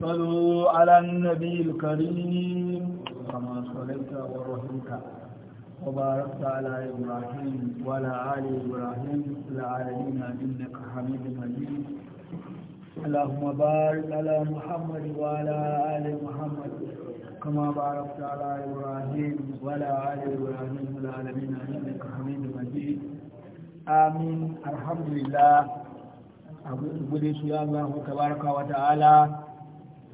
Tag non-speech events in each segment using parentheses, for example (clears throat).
صلوا على النبي الكريم كما صليت ورحمت وباركت على إبراهيم وعلى آل إبراهيم في العالمين إنك حميد مجيد اللهم بارك على محمد وعلى آل محمد كما باركت على إبراهيم وعلى آل إبراهيم في العالمين إنك حميد مجيد آمين الحمد لله أقول يا الله تبارك وتعالى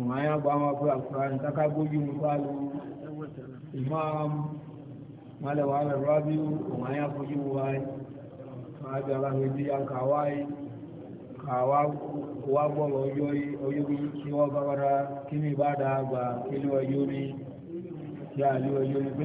tùmọ̀ ayé àgbà wọn pé àkùrá ní káká gbójú mu bá lu imam malawa alẹ́ rabiu òun ayé àfojú mu wáyé máa bí ara mi bí yan kàwáyé kàwá wá bọ̀lọ̀ ọjọ́ ọjọ́ bí kí wọ́n bá wára kí ni bá dáa gbà ọjọ́ mi kí àlè ọjọ́ bí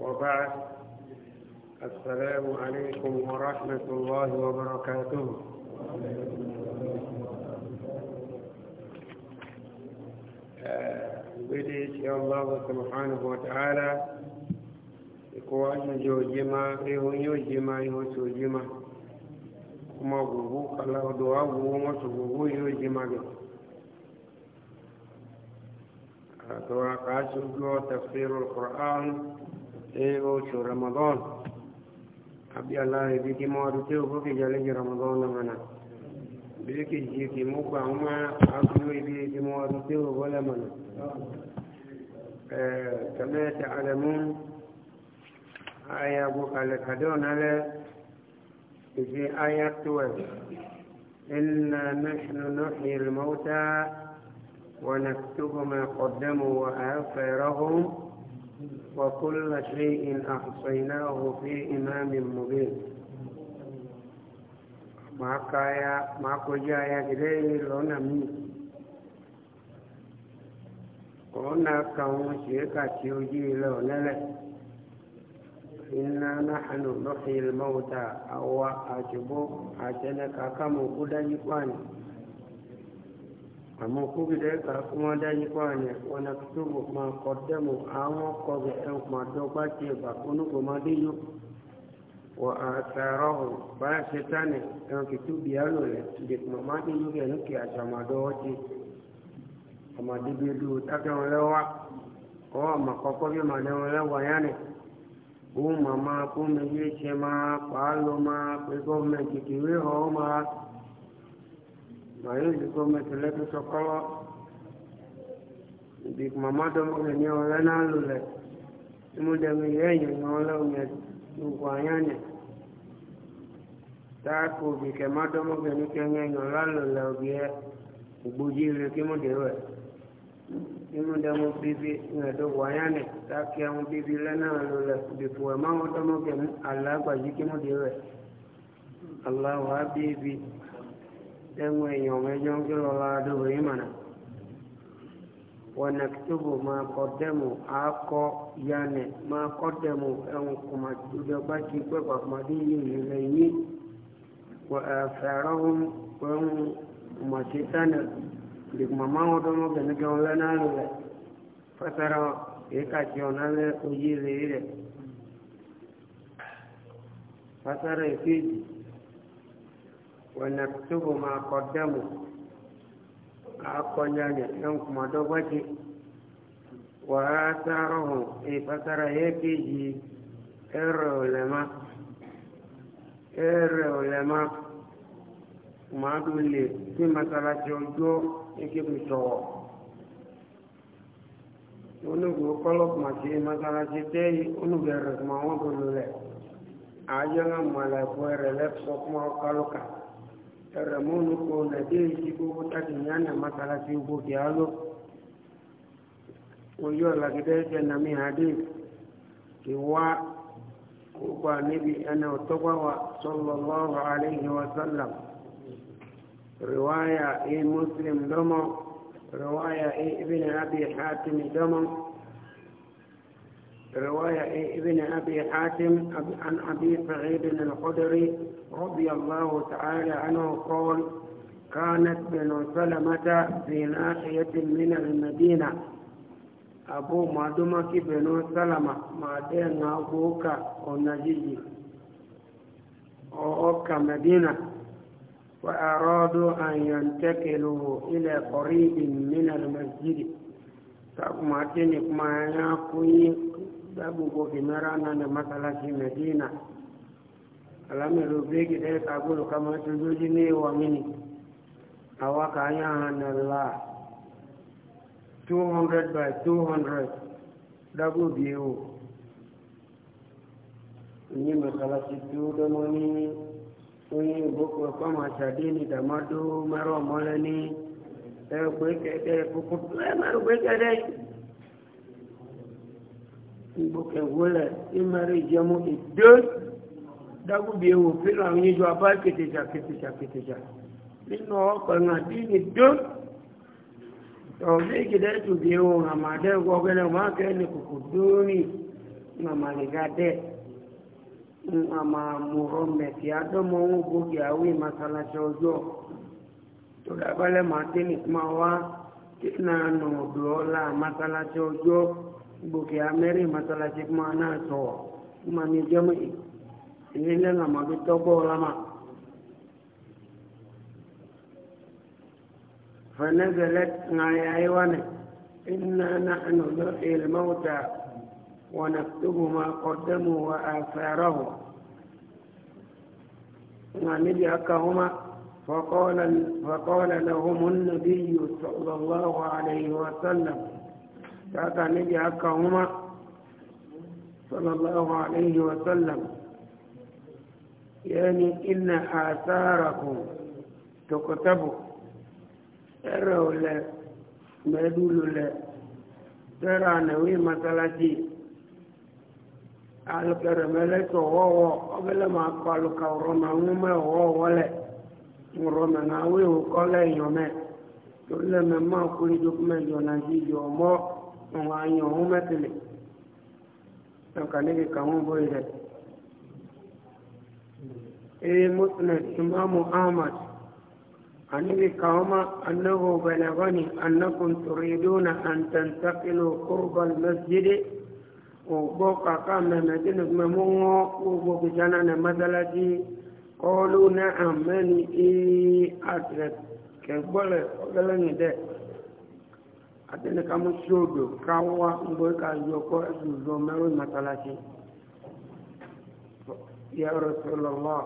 وبعد السلام عليكم ورحمة الله وبركاته بديت يا الله سبحانه وتعالى يكون جوجما يهون يوجما يهون سوجما kuma gugu kala duwa gugu masu gugu yojima ga to ka shi go tafsirul oṣù ramadan àbí aláàrẹ bí kí mọ́ adúté ògbókè jẹ́lẹ́jì ramadan lọ́mọ́nà bí kì í ṣe kì mú gbà ń máa àbúrò ibi kí mọ́ adúté ògbó lẹ́mọ̀nà kẹ́mẹ́ ti àlẹ́mú aya gbókalẹ̀ kàdéhùn nálẹ́ ìfi aya tó ẹ̀ إنا نحن نحيي الموتى ونكتب ما قدموا وآثارهم وكل شيء أحصيناه في إمام مبين ما كايا ما كوجا يا جدي لونا مي كونا كاون شيكا تشيوجي لونا لا إنا نحن نحيي الموتى أو أجبو أجنك كم قدني àmọ́ kóbìdẹ́ ká kó wọn dáyé kó àyẹ̀ wọn náà tó wò máa kọ dẹ́mu àwọn kọbẹ̀ ẹ̀ máa dọ́gba tiẹ̀ bàkúnú kò máa dé yó wọ àtàrọ̀ báyà ṣe tánì ẹ̀rọ kìtú bìá lò lẹ̀ dèkùmọ̀ máa dé yó kẹ̀ lókè àṣà máa dọ́wọ́ ti ọmọdé bíi dùn tákẹ́ wọn lẹ́wà kọ́ ọmọ kọ́kọ́ bí màá dẹ́wọn lẹ́wà yánì kó màmá kó mi yé ṣe máa pàálọ́ máa pé gọ́ọ̀mẹ̀ntì kìwé hàn máa biology gọọmenti lẹ́tọ́sọ kọ́lọ́ ibi màmá dọ́mọ rẹ̀ ní ọ̀rẹ́ náà lulẹ̀ tí mo dẹ̀mí ìyá ẹ̀yìn ní ọlọ́run yẹn gbogbo àyànnẹ̀ táàkù òbí kẹ̀má dọ́mọ rẹ̀ ní kẹ́yìn ẹ̀yìn ọ̀rá lulẹ̀ òbí ẹ̀ ògbójì rẹ̀ kí mo dẹ̀rọ ẹ̀ tí mo dẹ̀mọ bíbí ìrẹ̀dọ̀gbọ̀ àyànnẹ̀ táàkì ẹ̀hún bíbí lẹ́nà lulẹ̀ dìpọ̀ ẹ̀ máwọn dọ́mọ rẹ̀ alágbàjì kí mo dẹ̀rọ ẹ̀ aláwọ̀ á bíbí. تنوي يوم يجون كل الله دوب إيمانا ونكتب ما قدموا أكو يعني ما قدموا أنكم تدبكي بقى مدينه إليه وآثارهم وهم مسيطانا لكما ما هو دمو بنجون لنا لله فترى إيكاتيونا لأجيزه إليه فترى إفيدي ونكتب ما قدموا أقلني ينكم دوبتي وآثارهم في فترة يكيجي إر علماء إر علماء ما دولي في مسألة جوجو يكيب شوق onugu kọlọpù màtí masalasi tẹ́yì onugu ẹ̀rẹ̀ kùmà wọ́n tó lulẹ̀ àjọ́ ń mọ̀lẹ̀ fún ẹ̀rẹ̀ lẹ́pọ̀ fún ọkọlùkà. ramono ko na deji ko ko tati nyana makala si ubo kialo ko yo la gede na mi hadi ki wa ko ba nabi ana otoba wa sallallahu alaihi wa sallam riwaya e muslim domo riwaya e ibn abi hatim domo رواية ابن أبي حاتم عن أبي سعيد الخدري رضي الله تعالى عنه قال كانت بن سلمة في ناحية من المدينة أبو مادمك بن سلمة ما دين أبوك ونجي أوك مدينة وأرادوا أن ينتقلوا إلى قريب من المسجد فأمتنك ما يكون sabu ko kimara na na masalaci medina alamiru begi ɗaya kabulu kamar sojoji ne wa mini a waka ya hannarla 200 by 200 dabu biyu ni masalaci biyu da mani oyin buku kama sade ni damado mẹ́rọ mọ́lẹ́ ní ẹgbẹ́kẹ́dẹ́ kúkú mẹ́rọ gbẹ́kẹ́dẹ́ gboke wole imere jemu ido dagu bi ewo pinu awon yejo aba keteja keteja keteja ninu ọkọ ẹ̀nà tí ní dó ọ̀gbẹ́ ìkìdẹ́ tù bí ewo àmàdẹ́ gbọ́gbẹ́lẹ̀ wọ́n kẹ́ ní kòkò dórí àmàlẹ́gá dẹ́ àmàmùrọ̀ mẹ̀tì adọ́mọ ohun gbòógì àwọn ìmàsálàṣẹ ọjọ́ tó dábálẹ̀ màá tẹ́nì máa wá kí náà nà ọ̀dọ́ ọ̀la àmàsálàṣẹ ọjọ́. بوكي أمري مثلا kuma ما أنا kuma ما jẹ́mu ì لنا ما àmọ́ ولا ما فنزلت فنزلت عيوانه إنا نحن نحيي الموتى ونكتب ما قدموا وآثاره ونبي أكهما فقال, فقال لهم النبي صلى الله عليه وسلم kaka nabi aka umar sallallahu alaihi wasallam yani inna asarakum tukutabu ẹrọ lẹ mẹdúlù lẹ tẹ́ra nàwí masalasi alùkẹrẹmẹlẹsọ wọwọ ọbẹlẹ máa kọ alùkà rọmọ ńwúmẹ wọwọ lẹ rọmọ náà wíwò kọlẹ ìyọmẹ tó lẹmẹ máa kúrìdókùmẹ yọ nàìjíríà mọ òun àyàn òun mẹ́tìlẹ̀ ẹ̀ka níbi kàwọn bóyí rẹ̀ ee muslim imamu ahmad anibi kawama annahu balagani annakum turiduna an tantaqilu qurba almasjid ogbo kaka mẹmẹdinu mẹmú wọn gbogbo kìjánà ní masalasi kọlu náà mẹni ee adrẹ kẹgbọlẹ ọgẹlẹyìn dẹ atene kama shodo kawa mboeka yoko zuzo mawe matalaki ya rasulullah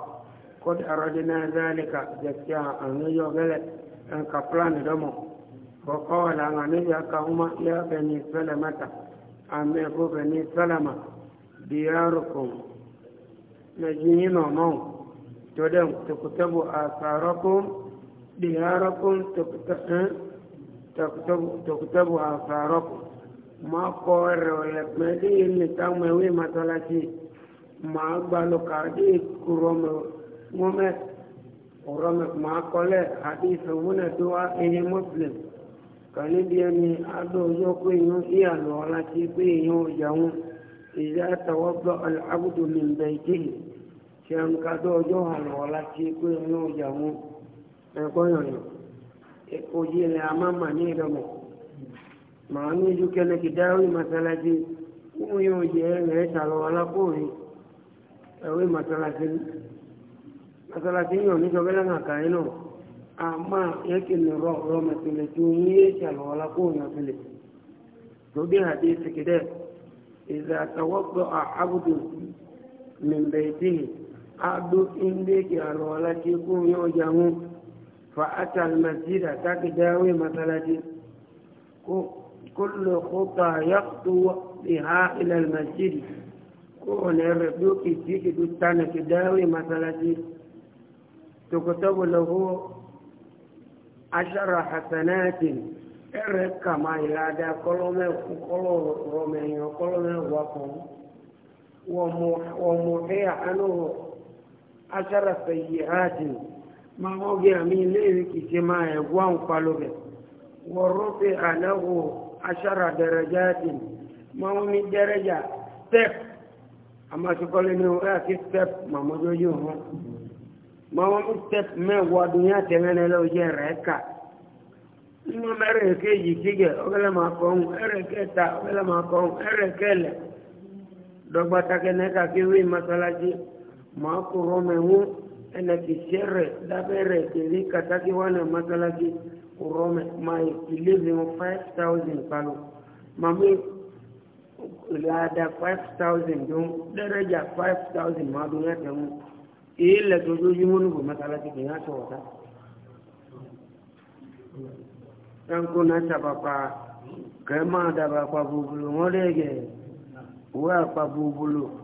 qad aradna dhalika jakia anayo gele an kaplan domo faqala anabi akahuma ya bani salamata ame ko bani salama diyarukum najinino mo todem tukutabu asarakum diyarakum tukutabu tọkutọbu afaarọku máa kọ ẹrọ ẹgbẹ ẹdí yìí nìkan mọ ewé masalasi máa gbalọ ká ẹdí kúrọ mọ mọmẹ ọrọ mẹ máa kọlẹ àti ìfẹwọnà tó wá ẹyẹ mọsílẹm kàní bí ẹni adó yọ pé yín ìyàlọ ọlásí pé yín ọjà wọn ìyá tàwọgbọ alábùdó mi bẹ ìkéyìí ṣe ń kadó ọjọ àlọ ọlásí pé yín ọjà wọn ẹkọ yọnyọ. oye le Ma ni idomo maanu ju kele kidawi masalaji uyo oye le talo wala kuri ewe masalaji masalaji yo ni jogela na kaino ¿eh, ama ah, yake ni ro ro masile ju ye talo wala kuri masile tobi hadithi kide إذا توضأ عبد من بيته عبد إن فأتى المسجد تكداوي مثلا كل خطى يخطو بها إلى المسجد كون يردوك فيك دستان كداوي مثلا تكتب له عشر حسنات إرك ما يلادا كلمة كلمة كلمة وقم ومحيا عنه عشر سيئات máa wọ́n gé àmì ilé ìrìkìtì máa ẹ̀gbọ́ àwọn palọ́bẹ̀ wọ́n rọ́pẹ́ àlẹ́wò aṣára dẹ̀rẹ̀já ti máa wọ́n ní dẹ́rẹ́jà step àmàṣekọ́lé ní wọ́n yà sí step màmọ́jọ́ yóò hàn máa wọ́n ní step mẹ́wàá dúnyà tẹ̀mẹ́lẹ́ lọ́wọ́ jẹ́ rẹ̀ kà nínú ẹ̀rẹ̀kẹ́ yìí kígẹ̀ ọ̀gẹ́lẹ́ máa kọ́ ohun ẹ̀rẹ̀kẹ́ ta ọ̀gẹ́lẹ́ máa kọ́ ohun ẹ̀rẹ̀kẹ́ lẹ̀ dọ́gbatakẹ́ nẹ́ka kí masalasi máa kúrọ́ mẹ́wọ́n ene kisere dabere kele kataki wana masalaki urome mai kiliving 5000 palo mami lada 5000 dun daraja 5000 ma dun ya tamu ile tojoji mun go masalaki ke ya sota dan kuna tabapa kema dabapa bubulu ngolege wa pa bubulu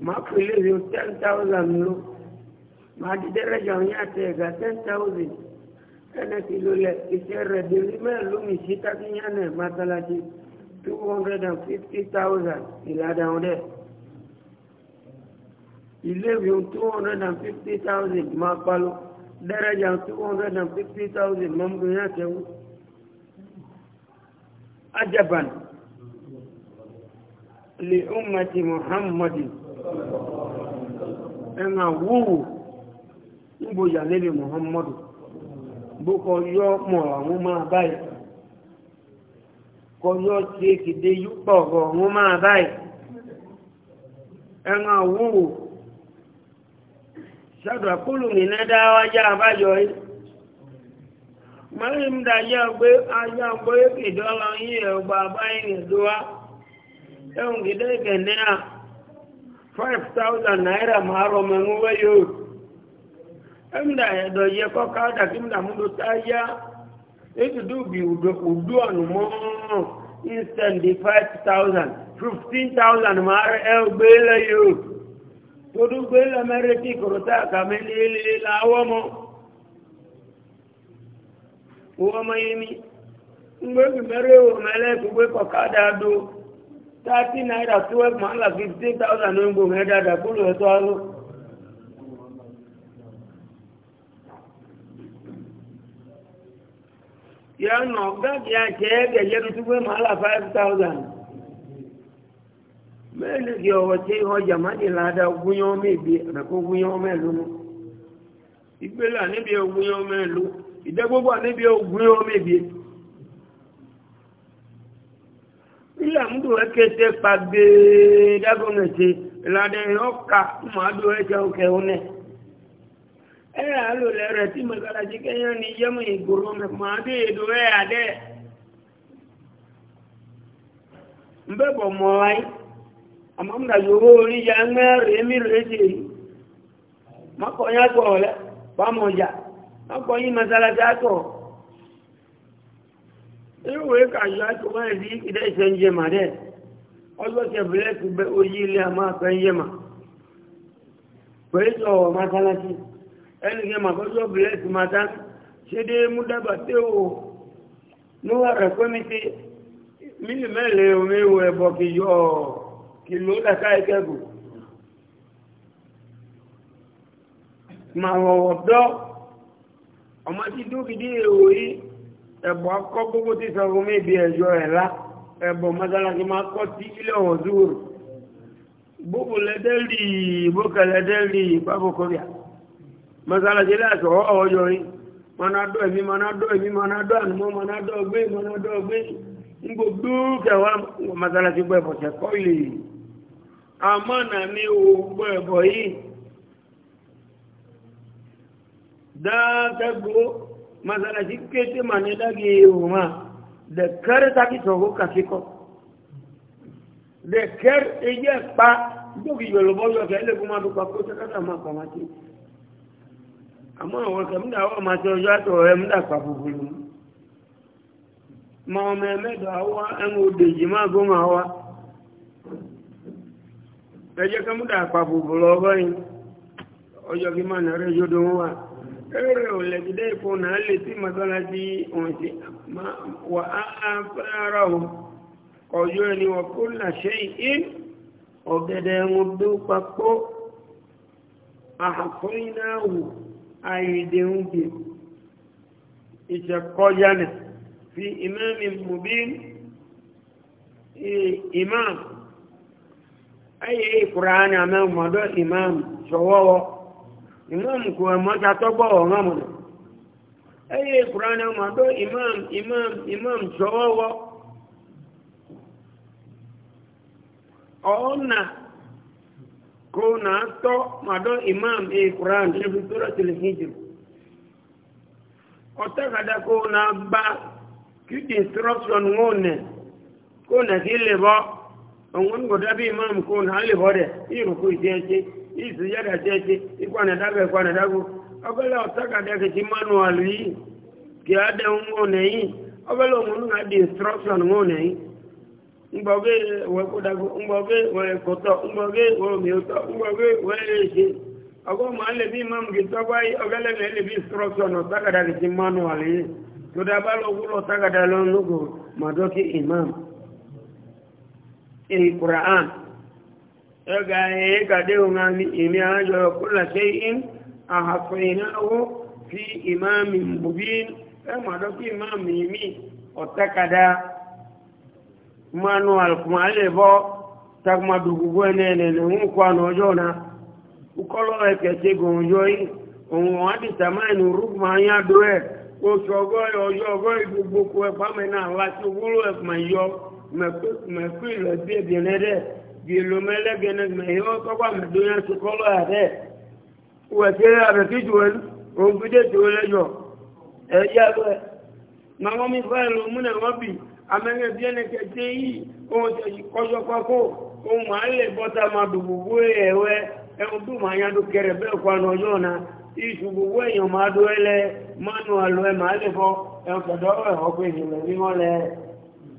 máa pè léèrè ten thousand ló máa di dẹ́rẹ́jà òun yà tẹ ẹ̀gá ten thousand ẹnẹ́ ti lò lẹ̀ iṣẹ́ rẹ̀ bèrè mẹ́rin lómi síta kí yàn náà mọ́sálásí two hundred and fifty thousand ìlànà òun dẹ̀ ìléèwé two hundred and fifty thousand máa palo dẹ́rẹ́jà two hundred and fifty thousand máa ń bọ̀ yàn tẹ́wọ́ ajaban li ummati muhammadin. ẹ̀nà wúrù níbo yàlébì muhammadu bókọ yọ mọ̀ àwọn máa báyìí kọ yọ tí é kìdé yúpọ̀ ọ̀gọ̀ àwọn máa báyìí ẹ̀nà wúrù sádùá kúlù nínú dáwájá àbáyọ yìí mọ́rin dájá gbé ajá gbé ìdọ́lọ yìí ẹ̀hùn 5,000 naira márọ̀ mẹ́rin wẹ́yọ́ ẹ̀mdà ẹ̀dọ̀ yẹ kọ́kọ́ dàkímdà múlò táyá ètùdú bí òdú ọ̀nà mọ́rún instantly 5,000 15,000 márọ̀ ẹ̀ gbélé yóò tó dún gbélé mẹ́rin tí kòrò táàkà mẹ́lẹ́lẹ́ láwọ́ mọ́ wọ́n mọ́ yé mi ń gbé mẹ́rin òmẹ́lẹ́ kò gbé kọ́kọ́ dáadó thirty naira twelve mọ́nlá fifteen thousand ló ń gbòmù ẹ̀ dáadáa kúrò ẹ̀ tó arú. yọ̀nà gáàgì àti ẹ̀ẹ́gẹ̀jẹ̀ tuntun pé five thousand. kì tí àbẹ̀kọ́ mẹ́lú ìgbélà níbi mẹ́lú níbi ila mdu ekete pagbe dagonete lade oka madu ete oke one e alo le reti magara jike yo ni yamu igoro me madu edo e ade mbebo moai amamda yoro ri ya ngere mi reje makonya ko le pamoja makoyi masala jako ewe kàyà tó bá ẹ̀rí ìdá ìṣẹ́ ń jẹmà rẹ̀ ọlọ́tẹ̀ bẹ̀rẹ̀kù bẹ orí ilé àmà fẹ́ ń jẹmà pẹ̀lú ọ̀wọ̀ mátálásí ẹnìyẹ màkọ́jọ́ bẹ̀rẹ̀kù mátá ṣe dé mú dábà tí ó níwà rẹ̀ pé mi ti mílì mẹ́lẹ̀ omi ewu ẹ̀bọ̀ kì yọ kì ló dàka ìkẹ́gù màwọ̀wọ̀ dọ́ ọmọ ti dúkìdí èrò yìí ẹ̀bọ̀ akọ́ gbogbo tí sọ fún mébi ẹ̀yọ ẹ̀ lá ẹ̀bọ̀ mọ́sálásí máa kọ́ tí ilé ọ̀hún dúró gbogbo lẹ́dẹ́lì ìbókẹ̀ lẹ́dẹ́lì ìpábòkọ́bíà mọ́sálásí láti ọ̀họ́ ọjọ́ yìí mọ́nádọ́ èmi mọ́nádọ́ èmi mọ́nádọ́ ànúmọ́ mọ́nádọ́ gbé mọ́nádọ́ gbé ńgbò dúkẹ̀wá mọ́sálásí gbọ́ ẹ̀bọ̀ tẹ̀kọ́ ilé àmọ́ nà ní gbọ́ ẹ̀bọ̀ yìí dákẹ́gbó masalasi kéte ma ní dági ìhùmá dẹ̀kẹ́rẹ́ tàbí sọ̀rọ̀ kàfíkọ́ dẹ̀kẹ́rẹ́ eyé pa gbógi yọ̀lọ̀bọ̀ yọ̀kẹ́ ẹlẹ́gùn máa dùn papọ̀ sẹ́kẹ́tà máa pọ̀ máa ti àmọ́ àwọn ọ̀kẹ́ múdà wọ́n máa ti ọjọ́ àtọ̀ ẹ̀ múdà pa bùbùlù ma ọmọ ẹ̀mẹ́dọ̀ àwọ́ ẹnu òde yìí máa gbó máa wá ẹjẹ́ kẹ́ múdà pa bùbùlù ọgọ́rin ọjọ́ kí máa nàrẹ́ yóò dún wà ẹ̀rẹ̀ òlẹ̀gídẹ́ ìfò náà lè tí masánájí òun ti wà á fẹ́ra o ọjọ́ ẹni wọ́n kó nà ṣe ìhí ọ̀gẹ̀dẹ̀ wọn bí ó papọ̀ àkọ́yìnáwó àìdẹ̀húnbì ìṣẹ̀kọ́jánà fi ìmáàmì mùbín ìmáàmù ayé ìkùránì àmẹ́ mọ̀dọ́ ìmáàmù ṣọwọ́wọ́ imam kò ẹ̀mọ́jà tọ́gbọ́ ọ̀ràn mọ̀nà ẹ̀yẹ kùránà màdó imam imam imam sọ́wọ́wọ́ ọ̀nà imam ẹ̀ kùránà níbi tó lọ́tì lè hìjì ọ̀tọ́kadà kò náà bá kìtì instruction wọn nẹ̀ kò náà sí lè na òun kò dábí imam kò isu yada cheche ikwana daga ikwana dagu ogala otaka daga manual yi ki ade ngone yi ogala ngunu na di instruction ngone yi mboge we kodagu mboge we koto mboge we miuto mboge we shi ogo male bi mam ki tobai ogala ne bi instruction otaka daga manual yi to da balo gulo taka da lon lugo madoki imam il qur'an ẹgbà ẹ̀ẹ́gà déhùnmá ní ìmí àjọ kúlà ṣe in àhàfẹ́ìnáwó fi ìmáàmì mùbí ẹmọ̀dọ́kí ìmáàmì ìmí ọ̀tẹ́kadà manu alkùnmálẹ̀bọ́ takmadugbogbo ẹnẹ́ẹ̀nẹ́ ń kọ́ àná ọjọ́ náà kúkọ́lọ́ ẹ̀kẹ́tẹ́ gòunjọ́ yìí òun wọ́n ti tàmáìnì rúgbùmá yá ya ìgbogbo náà láti wúlò yọ jìlùmẹ́lẹ́gẹ̀ẹ́nẹ́ mẹ́yọ́ tọ́gbà mẹ́dúnyá ti kọ́lọ́ àrẹ́ wẹ̀tẹ́ àrẹ̀kíjù ẹ̀lú òun fi dé tòó lẹ́yọ̀ ẹ̀yà rẹ̀ màmá mi fẹ́ lọ múnà wọ́n bì amẹ́rẹ́ bí ẹni kẹtẹ́ yìí ohun tẹ̀sí kọ́jọ́ pákó ohun máa ń lè bọ́ta máa dùbùbù ẹ̀wẹ́ ẹ̀hún tó máa yàdó kẹrẹ̀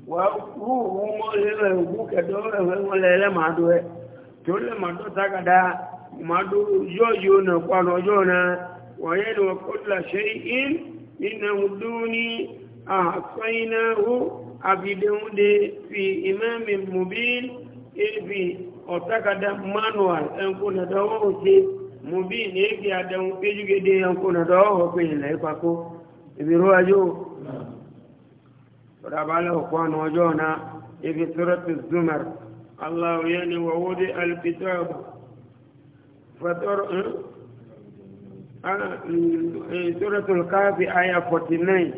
wúwú mọ́ lẹ́rẹ̀ ògbú kẹ̀dọ́ ẹ̀fẹ́ lẹ́lẹ́ máa dó ẹ tí ó lẹ́ máa dó tágàdá máa dó yọ́ yóò nà pàdé ọjọ́ náà wọ́n yẹ́ lọ kó lè ṣe in nínú ọdú ní àfẹ́ináwó àbìdẹ́húndé fi ajó رب الأخوان وجونا في سورة الزمر الله يعني ووضع الكتاب فتر سورة الكهف آية 49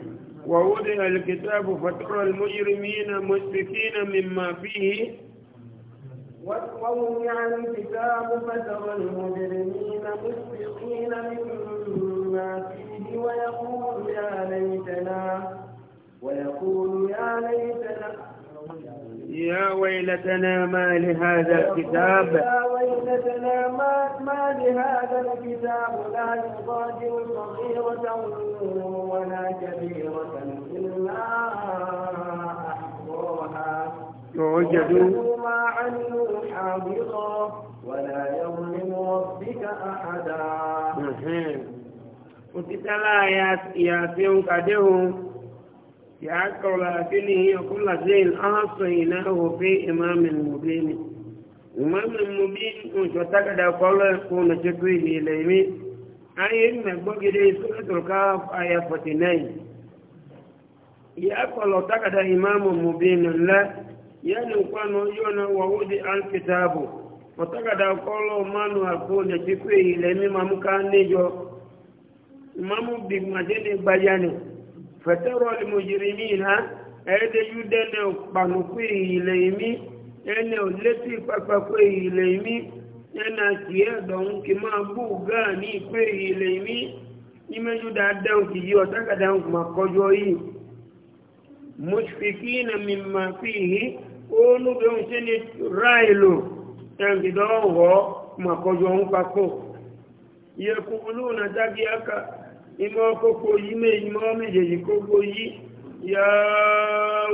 ووضع الكتاب فترى المجرمين مشفقين مما فيه واتقوا عن الكتاب فترى المجرمين مشفقين مما فيه ويقول يا ليتنا ويقول يا ليتنا يا ويلتنا ما لهذا الكتاب يا ويلتنا ما, ما لهذا الكتاب لا يغادر صغيرة ولا كبيرة إلا أحصاها ووجدوا ما عملوا حاضرا ولا يظلم ربك أحدا وتتلا يا يا سيون كدهم يعقل أكله وكل شيء أعصيناه في إمام مبين إمام مبين وشتك دا قول كون شكوه إليه أي إن بقي سورة الكهف آية 49 يعقل تكدا إمام مبين لا ينقل يونا ووضع الكتاب وتكدا قول من يكون شكوه إليه ممكن نجو إمام بن مجين بيانه fẹ̀tẹ́rọ ìmòjìrìmí ha ẹ̀ẹ́dẹ́ yúdẹ́nẹ̀ pàmùkú ìhìlẹ̀ ìmí ẹ̀ẹ́nẹ̀ olétí pàpàkú ìhìlẹ̀ ìmí ẹ̀ẹ́nà tí ẹ̀dọ̀n kì máa bú gáà ní ìpé ìhìlẹ̀ ìmí ìmẹ́jú dáadáa kì yí ọ̀tákàdá mà kọjọ yìí mùsùlùmí na mímà fi hì olùdóhùn sí ni ráìlò ẹ̀ǹkìdọ́ ọ̀họ́ mà kọjọ ń pakó yẹ kúkúlù nà dábíyàká ìmọ̀ kókó yìí méjì mọ́ méjèèjì kókó yìí yà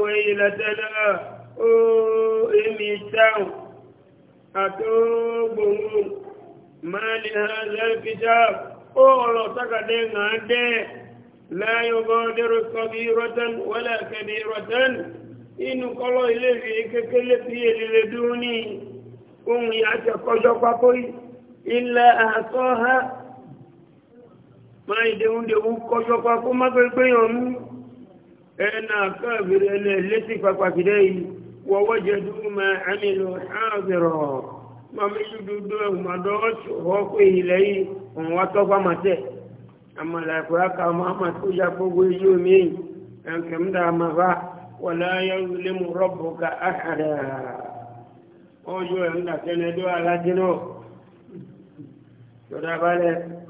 wẹ́ ìlàtẹ́lá ó èmi táwọn àtọ́gbòhùn máa ní àzẹ́fíjà ó ọ̀rọ̀ tákàdé náà láyọ̀gọ́ dẹ́rọ kọbí ha. máa ìdẹ́húndẹ̀wú kọjọ́ pa kó má pẹ́ pé yàn mú ẹ̀nà káàbìrì ẹ̀nà létí pàpàkìdẹ́ yìí wọ́wọ́ jẹ́dú ma àmìlò ààbìrọ̀ máa méjì dúdú ẹ̀hùn àdọ́ọ̀tù ọkọ̀ ìlẹ̀ yìí òun wá tọ́pá tẹ̀ tó gbogbo ilé omi yìí mu rọ́bù ká ọjọ́ ẹ̀ ń alájẹ́ náà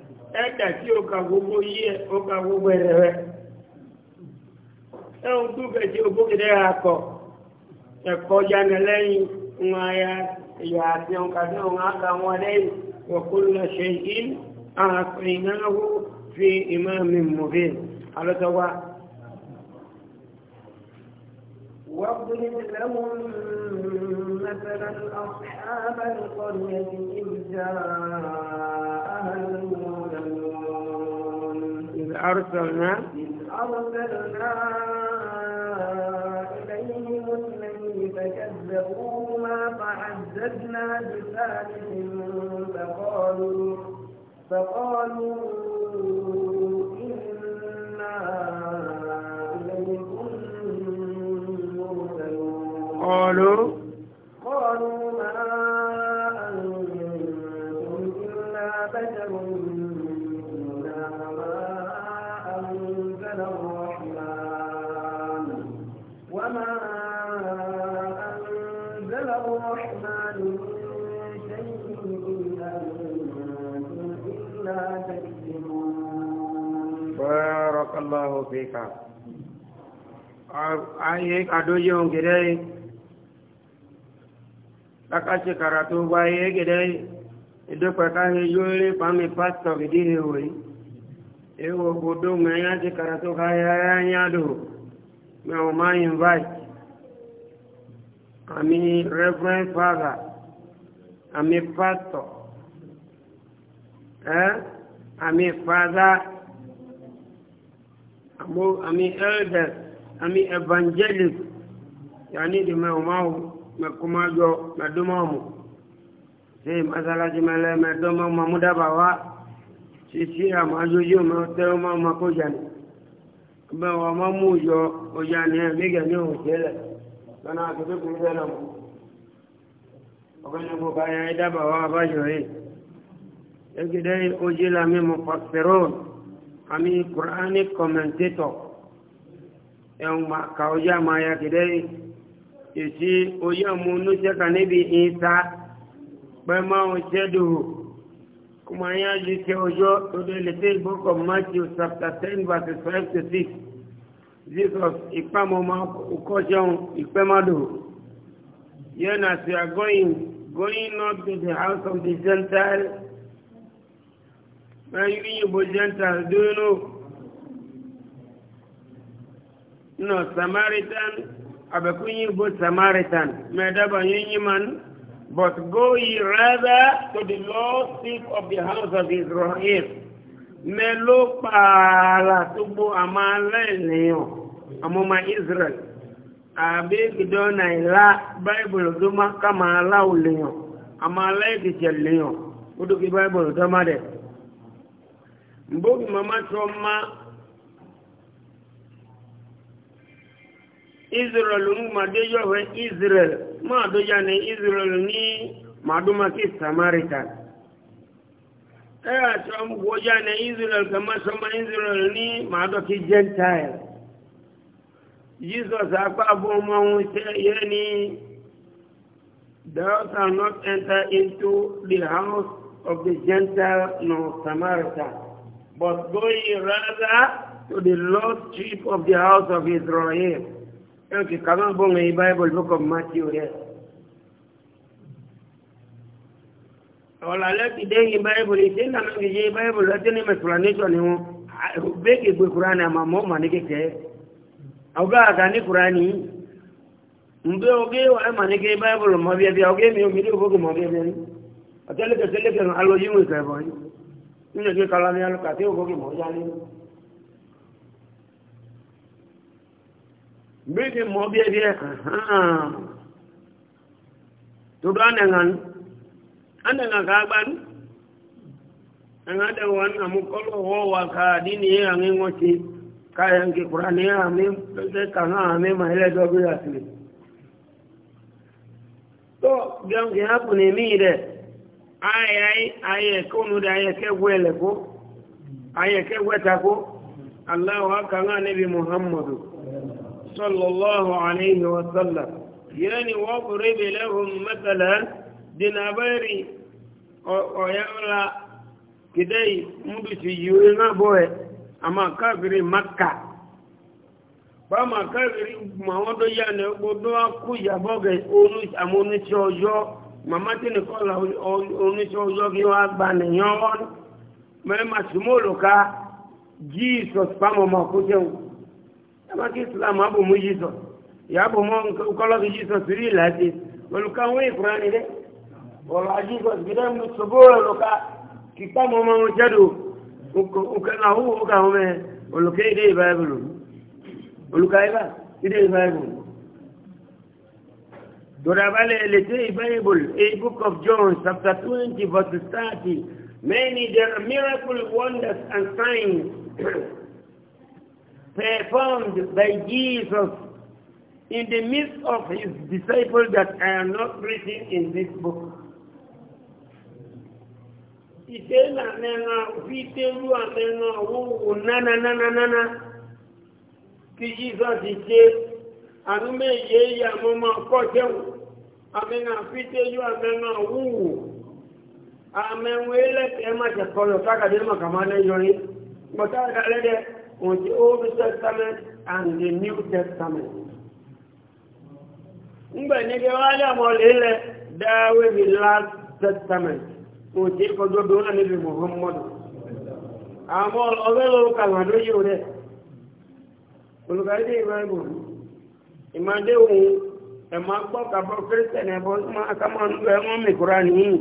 ẹ̀dà tí ó ka gbogbo yí ẹ̀ ó ka gbogbo ẹ̀rẹ̀ rẹ̀ ẹ̀hùn tó bẹ̀ tí ó kéde akọ ẹ̀kọ́ yanẹ lẹ́yìn wọn ya ìyá àti ọ̀kadà wọn aka wọn lẹ́yìn wọ̀kúlọ̀ ṣe in àpìnáwó fi ìmọ̀ mi mọ̀bìn alọ́tọ́wà واضرب لهم مثلا أصحاب القرية إذ جاءها المؤمنون أرسلنا إذ أرسلنا إليهم النبي فكذبوهما فعززنا بثالث فقالوا فقالوا إنا إليكم مرسلون قالوا قالوا barakallahu fika ayi adoje on gidai takashi karatu baye gidai idokwa ka he yore pami pastor gidi hoyi ewo godo ngaya ti karatu ka ya ya do me ma invite ami reverend father ami pastor eh ami father àmọ́ àmì elder àmì evangelist yàní di mẹ́wọ̀máwò mẹ́kọ́májọ mẹ́dọ́mọ́mù ṣe masalasi mẹ́lẹ́ mẹ́dọ́mọ́mù amúdábàwá ṣíṣí àmájójú mẹ́tẹ́wọ́mọ́ makójàní bẹ́ẹ̀ wọ́n máa mú yọ ọjà ní ẹ̀mígẹ̀ ní òṣèlẹ̀ lọ́nà àtúntò kùn fẹ́ lọ́mù ọkùnrin kò ká yẹn dábàwá abájọ yìí ẹgbẹ́dẹ́ ojú làmí mọ̀ pàṣẹrọ́ọ̀nù àmì quranic commentator ẹ̀hùn ma ka ọjọ́ àmà ya kìdẹ́ ìsí oyé mu núṣẹ́ka níbi ìta pẹ́mọ́ ṣẹ́dùhù kúmọ̀ yá ju ṣe ọjọ́ tó dé lè tẹ́ book of matthew chapter ten verse five to six jesus ìpamọ́ ma kọ́ ṣẹ́hùn ìpẹ́mọ́dùhù yẹn na ṣe are going going north to the house of the gentile yi bojanta dono no samaritan abakunyi bo samaritan me daba yinyi man but go ye rather to the lord seek of the house of israel me lo paala tugbo ama lẹ́nìyàn ma israel àbí gidan naira bible duma kama aláwò lèyàn ama aláìkìtì lèyàn ó dókè bible dọ́mà dẹ̀ mgbogi mama choma israel madoyowe israel madoyane israel ni madumaki samaritan eya chom gwojane israel kama choma israel ni madoki gentile jesus akpabomawu yeni Thou shalt not enter into the house of the Gentile nor Samaritan but going rather to the lordship of the house of Israel. Okay, come on, bring the Bible book of Matthew here. ọ̀làlẹ́ ti dé yín báyìbùlì tí ń dàmé kìí yín báyìbùlì láti ní explanation ni wọn bẹ́ẹ̀kì gbé kúránì àmà mọ́ mà ní kékeré ọgá àga ní kúránì mbé ọgé wà mà ní kékeré báyìbùlì mọ́ bí ẹbí ọgé mi ò mi ní òfókè mọ́ bí ẹbí ẹni ọ̀tẹ́lẹ̀kẹ̀tẹ́lẹ̀kẹ̀ alọ́ yíwọ̀n ìkẹ̀bọ̀ yìí nílẹ̀ gbé kala ní alùpàtẹ́ ògbógi mọ̀ yá ní. méjì mọ́ bí ẹbí ẹ̀ todo anangan anangan ka gban anga da wan amu kolo ho wa ka dini e angi ngochi ka yang ki quran e ami te ka na ami mahile do bi asli to gyang ge ha pune mi de ayayi ayekonu da ayekegwe leko ayekegwe tako allahu haka nga nabi muhammadu sallallahu alaihi wasallam yani waqribi lahum mathalan dinabari oyawla kidai mudu ci yuina boye ama kafiri makka bama kafiri mawodo yane gbodo akuya boge onu amonu ci ojo màmá tí nìkan la oníṣẹ́ ọjọ́ bí wọ́n á gba nìyàn wọn mẹ́rin máa sì mú òlùka jesus pàmò ọmọ kó jẹun ẹ má kí islam á bò mú jesus ìyá bò mọ kọlọ́ọ̀kì jesus rí ìlàjì òlùka wọ́n ìkura ni dẹ́ ọ̀la jesus gbẹdẹ́ mi sọ́bọ̀ òlùka kì o ọmọ wọn jẹ́dọ̀ òkè náà ó wò ó kà wọ́n mẹ́ òlùka ìdè ìbáyìí bò lòlù òlùka ìbá ìdè ìbáyìí bò lòlù. Durabale Elite Bible, a book of John, chapter 20, verse 30. Many there are miracle wonders and signs (clears throat) performed by Jesus in the midst of his disciples that are not written in this book. Jesus anume ye ya mama kojewu amena fite yu amena wu amewele tema cha koyo taka dema kamane yoni motaka lede on the old testament and the new testament ngba ni ge wala mo lele last testament o je ko do do na muhammad ìmọ̀dé òun ẹ̀mọ́ gbọ́ kàbọ̀ christian ẹ̀bọ́ ọmọ mẹ́kúra nìyí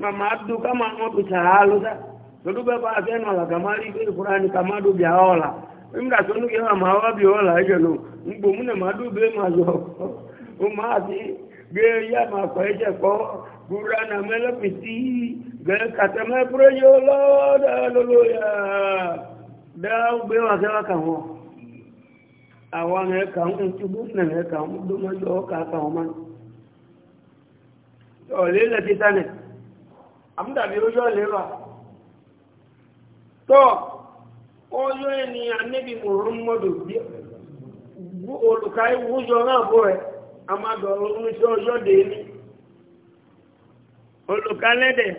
màmá dù kàmà wọ́n fi sàá lọ́dá lọ́dúgbẹ́bà àtẹ́nà àlàgàmà rí bí ìkúra ní kàmà dù bí àọ́là nígbà tó ní kíwà máa wá bí ọ́là ẹ̀jẹ̀ nù nígbò múnẹ̀ máa dù bí màá zọ ọ́ máa ti gbé yá máa kọ́ ẹ̀jẹ̀ kọ́ gbúra nà mẹ́lẹ́pìtì gbẹ́kàtẹ́mẹ́pùrẹ́yọ́ lọ́dà lọ́lọ́yà dáwọ́ gbé wà sẹ́wà kà wọ́n. àwọn ẹ̀ka ń tún bófin ẹ̀ka ń dómọ́jọ́ ọkà àtàwọn ọmọ ọ̀lẹ́ lẹ́tí sánẹ̀ àmúdàbí ojú ọ̀lẹ́wà tọ́ ọjọ́ ẹni anẹ́bí mọ̀rọ̀mọ́dù olùkà ìwújọ náà bó rẹ̀ a máa dọ̀rọ̀ oúnjẹ́ ọjọ́ dèéní olùkà lẹ́dẹ̀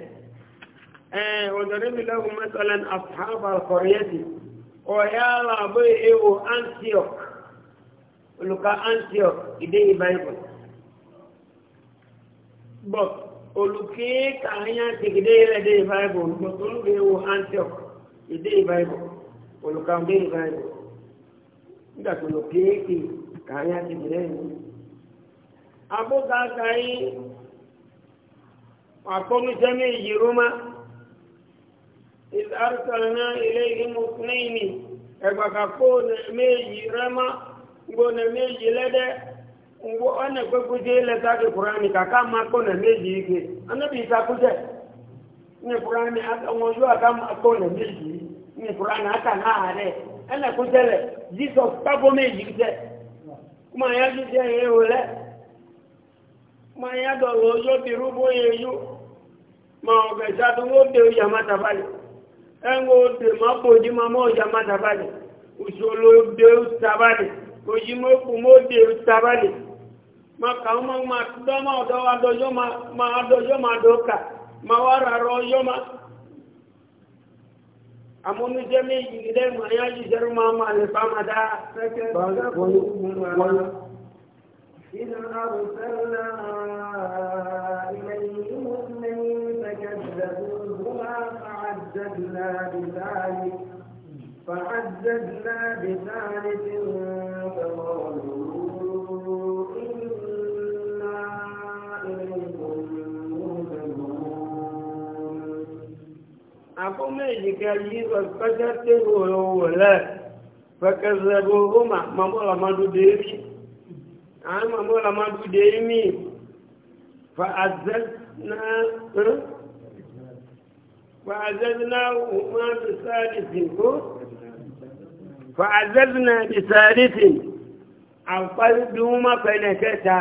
ọ̀dọ̀rẹ́mìlẹ́gùn mẹ́tọ́lẹ́n àfáàbà kọ̀rẹ́yẹ́tì ọ̀yá àlàbọ̀ èèwò antioch olùkà antioch ìdéyìí bible but olùkí kàáyà ti ìdéyìí rẹ̀ déyìí bible olùkọ́ olùkọ́ antioch ìdéyìí bible olùkà ìdéyìí bible nígbà tó olùkí kàáyà ti ìdéyìí abúgbàgbà yìí àkọ́míṣẹ́ méjì rúmá náà ilé ìgbìmọ̀ fún ẹ̀yìn po mee méjì rẹ́mọ́ mgbe na meji lede ngbo ọ na-ekwekwuzi ileta gị kurani ka ka ma ka ọ na-emeji ike anabi isakwute ne kurani ọmọju aka ka na-emeji ne kurani aka na ahare ana kwutele jisọs tabo meji kuma ya ma ya dọrọ ojo biri ma ọ ga-eji adịghị ode ụja matabali ma odi ma ma ụja usoro ode ojimoku mode tabali maka ọmọ ma dọ́mọ ọ̀dọ́ adọ́jọ́ ma adọ́jọ́ ma dọ́ka ma wá rárọ̀ ọjọ́ ma àmọ́nújẹ́ méjì nílẹ̀ mọ̀ ní ajíjẹ́rú ma ma lè fa ma dá sẹ́kẹ́ إذ أرسلنا إليهم من فكذبوهما فعددنا بذلك فعززنا بثالث فقالوا إنا إليكم مرسلون أقوم إليك فاستكبروا الأولى فكذبوهما ممولا مدو ديمي أنا ممولا مدو ديمي فعززنا فعززنا وما بثالث فعذبنا بثالث القلب دوما فنكتا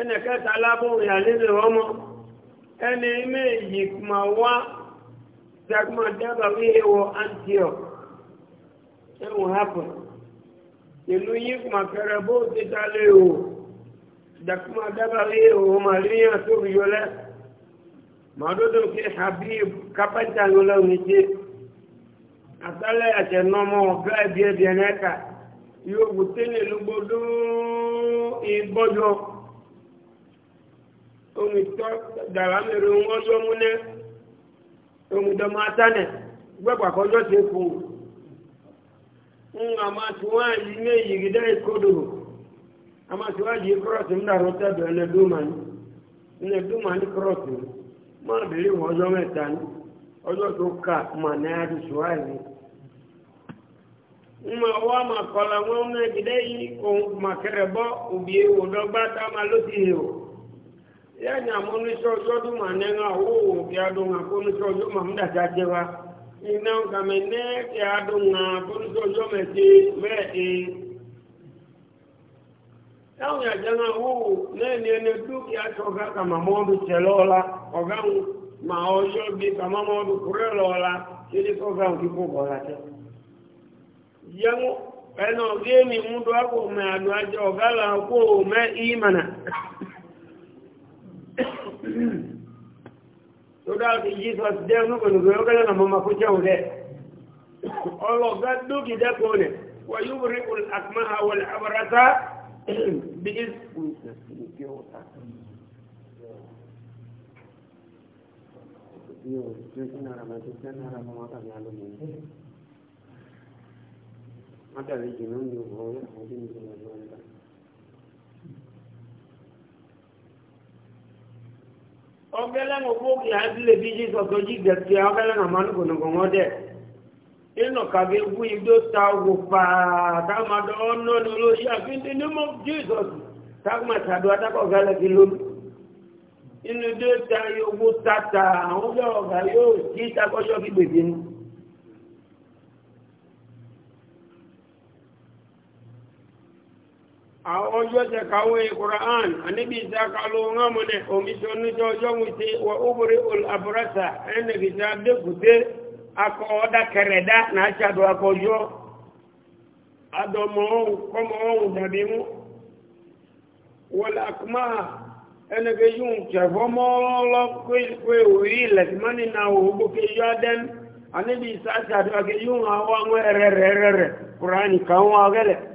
ẹnẹ̀kẹta lábọ̀ ìyàlẹ́lẹ̀ ọmọ ẹni méjì ma wá dagmar dábà wí ẹwọ antioch ẹwọ̀n hapun ìlú yìí ma kẹrẹ bó ti tálẹ̀ ẹwọ dagmar dábà wí ẹwọ maria tó yọlẹ màdúdú àtàlẹ́ àtẹnumọ́ ọ̀gá ẹbí ẹbí ẹ̀nẹ́ka yóò wù tẹ́lẹ̀ lógbodó ìbọ́jọ́ omi tọ́ dàlámẹ́rẹ́ ohun ọjọ́ múnẹ́ omi dọ́mọ atánẹ̀ gbẹ́gbà kọjọ́ ti kù ń àmàtúwá yìí ní ìyìgídá ìkodò àmàtúwá yìí kúrọ̀tì ń dàrú tẹ́bẹ̀ ẹ̀nẹ́ dúmàní ẹ̀nẹ́ dúmàní kúrọ̀tì má bèrè ọjọ́ mẹ́ta ní ọjọ́ tó kà mà ní adùsùwá yìí mma wa ma kɔla ŋo ŋa gide yi o ma kɛrɛ bɔ o bie o dɔ gba ta ma lo ti he o ya nya mo ni sɔ sɔ ma ne ŋa o o bia do ŋa ko ma ŋa ta je wa ina ka me ne bia do ŋa ko ni sɔ sɔ me ti mɛ e ya nya je ŋa o ne ne ne du ya sɔ ka ka ma mo du ma o sɔ bi ka ma mo du kure la ti ni ko ga ŋu ki ko bɔ yẹmu ẹnu ọ̀gá èmi mú dọ́ kò mẹ́ àdó ajọ ọ̀gá là kó mẹ́ imana tó dáa ti jesus dẹ́ onúkòlùkò yóò kẹ́lẹ́ nàmọ́ ma kó jẹun dẹ́ ọlọ́gá dókì dẹ́kọ̀ọ́ nẹ̀ wà yóò rí olùkàkùnmá àwọn àbárátá bí i Yo, estoy en la rama, estoy en la rama, wọ́n dàbí jùlọ ní ọ̀rọ̀ àwọn tí mo sọ̀rọ̀ lọ́wọ́ nípa. ọgbẹ́lẹ́ mo kó kí adílé bí jí sọ̀tọ́ jí gẹ̀ẹ́sì ọgbẹ́lẹ́ náà máa ń gbòǹgbò wọn dẹ̀ inú kàgé wú igbó ta wò pàà táwọn ọ̀nà ni olóyè àfihàn ní mọ́ jesus táwọn àtàdó adákọ̀ ọ̀gálẹ̀ kí lónìí inú dé ta yóò wó tata àwọn ọgbẹ́ ọ̀gá yóò kí takọ́jọ́ kí gbèdé ni. ọjọ́ tẹ̀kàwé ƙùrán àníbi ìsákàlù wọn mọ̀ ní omiṣẹ́ oníṣẹ́ ọjọ́ wùsí wọ obìnrin olùabúrẹ́sà ẹnìkì tí a dẹ́kùté akọ ọ̀dà kẹrẹ̀dá náà ṣàdọ̀ akọjọ́ adọ̀mọ̀ ọ̀hún kọ́mọ̀ ọ̀hún dàbí mú wọlé akọ́mọ́ ẹnìkì yóò kẹfọ́ mọ́ọ́lọ́ pé òrí ilẹ̀kìmọ́nì náà ògbó kejì adẹ́n àníbi ìsáṣàdọ̀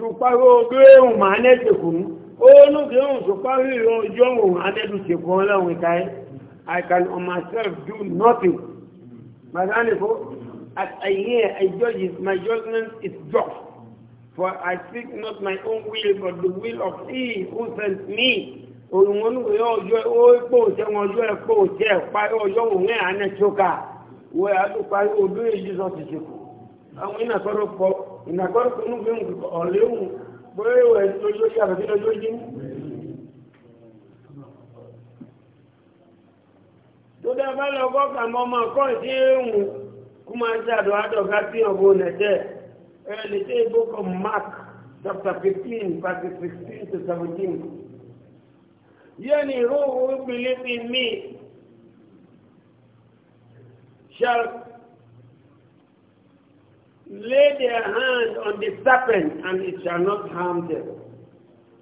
ṣùpárò gírẹ́hùn máa nẹ́tẹ̀kùn oónú ṣùpárò ìrọ̀ ojú ọ̀hún adẹ́dùsẹ̀kùn ọlọ́run ìtaẹ́ i can on myself do nothing masanifo as i hear i judge is my judgment is just for i speak not my own will but the will of he who sent me òrùnwọ́nù yọ ọjọ́ ìpò òṣèwọ̀n ọjọ́ ẹ̀pọ̀ òṣè parí ọjọ́ òun ẹ̀ àánẹ́ wọ́n adúparí odó èyí sọ ti ṣekù àwọn iná sọ́rọ̀ pọ̀ ìnàkọ́ tó ń gbé ọ̀lẹ́hùn bóyá ìwẹ̀ lójú ṣe àbẹ̀bí lójú jí. tó dá bá lọ kọ́ kà mọ́ ọmọ kọ́ sí èèwù kó máa ṣàdọ̀ àdọ̀gá sí ọ̀bọ nẹ̀tẹ̀ ẹ lè ṣe book of Mark chapter fifteen verse sixteen to seventeen. yẹ́n ni róòwò believe in me shall lay their hand on the serpent and it shall not harm them.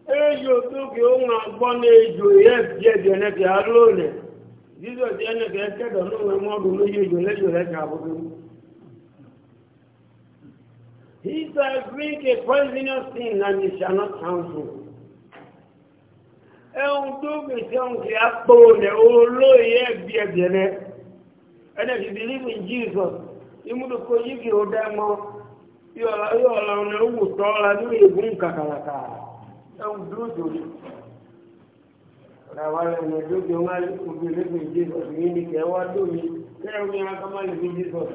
Ejo tó kí ó máa gbọ́ ní ejò yẹ́ fi ẹ̀jẹ̀ náà fi àárò rẹ̀. Jesus yẹ́ náà fi ẹ̀kẹ́dọ̀ náà mọ́ ọdún lóye ejò lẹ́jọ́ rẹ̀ kà He shall drink a poisonous thing and it shall not harm him. Ẹ̀hún tó kì í ṣe òun kì í apò rẹ̀ ẹ̀bí ẹ̀jẹ̀ rẹ̀. Ẹ̀dẹ̀ fi believe in Jesus imudu ko yigi o dɛmɔ yɔla ne wu tɔla ne yi bun kakalaka ɛwu du joli lawa le ne du jo ŋa ubi ne fi jesus mi ni kɛ wa du mi kɛ ɛwu yɛn kama le fi jesus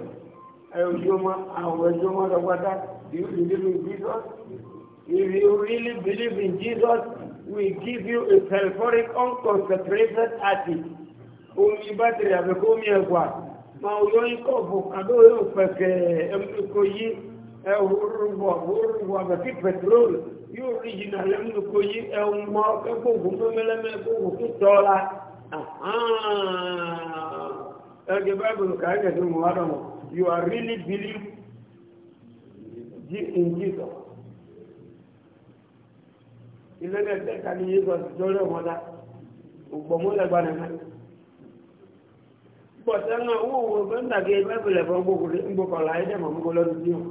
ɛwu joma awɔ joma dɔ gbata do you believe in jesus if you really believe in jesus we give you a sulphuric unconcentrated acid omi batiri a bɛ k'omi yɛ kɔ ma oyóyin kọ̀ọ̀bù kàdó yóò pẹ̀kẹ̀ ẹmúnukọ yí ẹwùrúwà wùrúwà bẹ̀kí pẹtrol yóò rí jìnnà ẹmúnukọ yí ẹwùn mọ́ ẹgbóògùn mẹ́mẹ́lẹ́mẹ́ ẹgbóògùn tó tọ́ la ẹgbẹ́ báyìí kàá yẹ̀ tó mú wa dọ̀ mọ́ you are really believe in Jesus ilé ẹgbẹ́ kàní yé sọ̀tún tó lé wọn dá ògbọ̀mọ́lẹ́gbà nìkan bọ̀tẹ́ náà owó òwò tó ń dàgé bẹ́bìlẹ̀ fún gbogbo láyé mọ̀ mú lọ́dún tí ó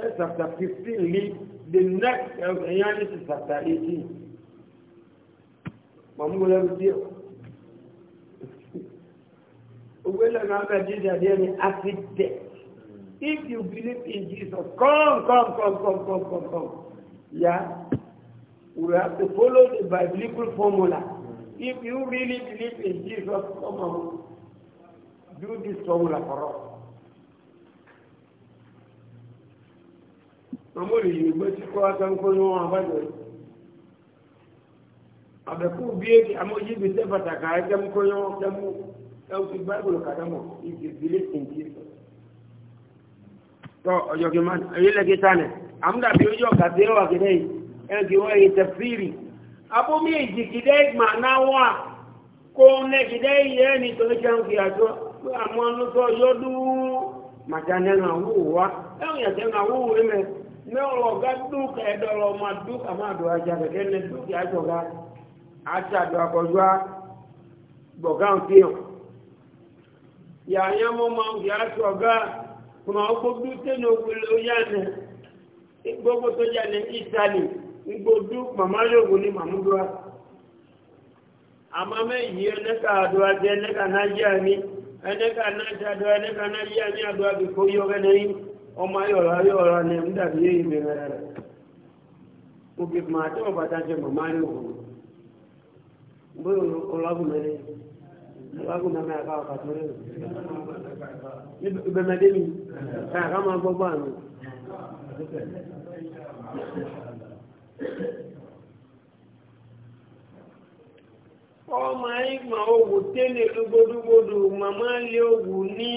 ẹ́ chapter fifteen lé the next ẹ̀yà ní ti chapter eighteen mọ̀ mú lọ́dún tí ó owó lẹ́nu abẹ́jú ìdàdé ẹni acid death if you believe in jesus come come come come come come come yeah we have to follow the biblical formula. If you really believe in Jesus, come on, do this formula for us. Àwọn olùyìnbó ti kọ́ akẹ́kọ̀ọ́ ní wọn àbájọ yìí. Àbẹ̀kú bí èdè amójíbi tẹ́ pàtàkì àìkẹ́mùkọ́ yẹn wọ́n tẹ́mú ẹ̀wù ti Báìbùlù kàdámọ̀ ìdí ìdílé ìdí ìsọ̀. Tọ́ ọ̀jọ̀gbìn máa ń ayélujára kí sánẹ̀. Àmúdàbí ojú ọ̀gá tí ó wà kéde yìí, ẹ̀ kí wọ́n yẹ tẹ̀fírì abomi ìjìgìdẹ́ ìgbà náà wà kó nẹ́gìdẹ́ ìyẹ́ ẹni tó jẹun kì àjọ àwọn ọlọ́tọ́ yọ́dú màjánẹ́nà wúwo wá ẹ̀wọ̀n yàtẹ̀nà wúwo ẹ̀mẹ́ mẹ́wọ̀lọ́ ga dúkà ẹ̀dọ̀lọ́ ma dúkà máa dọ̀ ajá kẹ̀kẹ́ ní dúkì àjọ ga àti àjọ àkọ́jọ́ ya ga ya gbogbo igbódú màmá yòówù ní màmúdúrà àmọ́ mẹ́yìí ẹnẹ́ka àdúrà jẹ́ ẹnẹ́ka náà jẹ́ àní ẹnẹ́ka náà jẹ́ àdúrà ẹnẹ́ka náà jẹ́ àní àdúrà bí kò yọ ẹnẹ́yìn ọmọ ayọ̀rọ̀ ayọ̀rọ̀ ni ń dàbí èyí mi rẹ̀ rẹ̀ òkè màá tó bàtà jẹ màmá yòówù bóyá ọlọ́gùnmẹ́lẹ́ ọlọ́gùnmẹ́lẹ́ àbá ọ̀kàtúrẹ́ ìbẹ̀mẹ́dẹ́mi káàkà máa gbọ́gbọ́ àná ọmọ owu owó tẹ́lẹ̀ lógbódúgbódù màmá lé owu ní